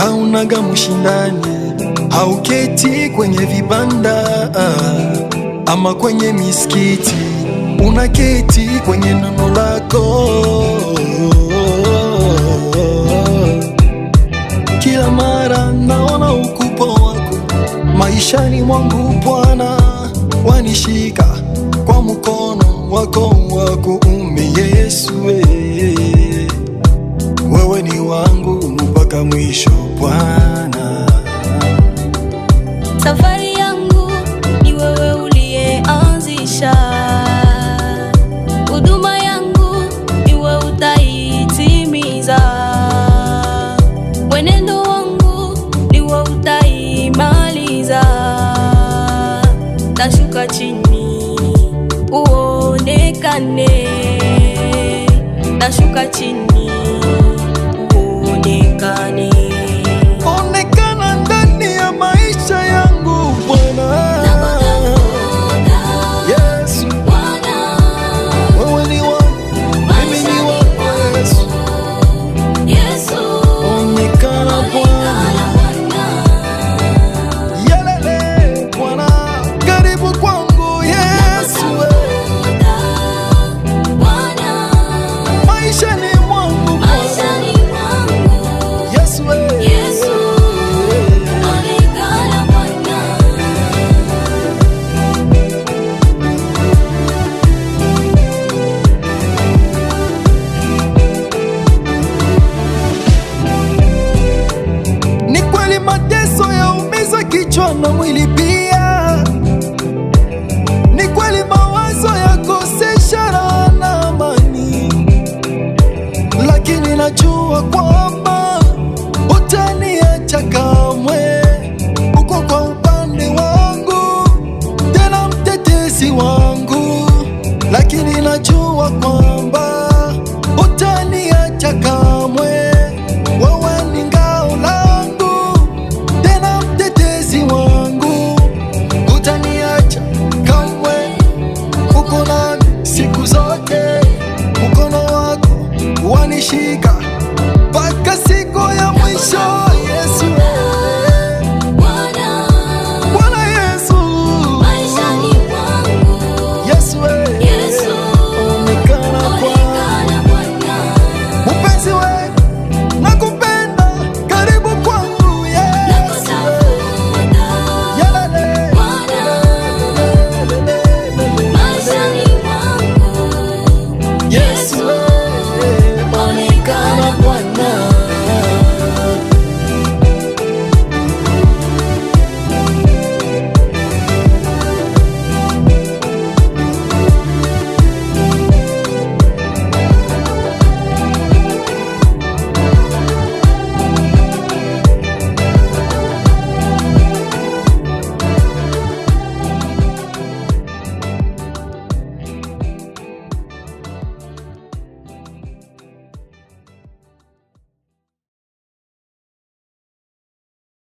haunaga mushindani, hauketi kwenye vibanda ama kwenye misikiti, unaketi kwenye neno lako kila mara. Naona ukupo wako maishani mwangu, Bwana wanishika kwa mkono wako wako kuume. Yesu eh. wewe ni wangu mwisho Bwana, safari yangu ni wewe uliyeanzisha, huduma yangu ni wewe utaitimiza, mwenendo wangu ni wewe utaimaliza. Tashuka chini uonekane, tashuka chini najua kwamba utaniacha kamwe, wewe ni ngao langu tena mtetezi wangu, utaniacha kamwe, uko nami siku zote, mkono wako wanishika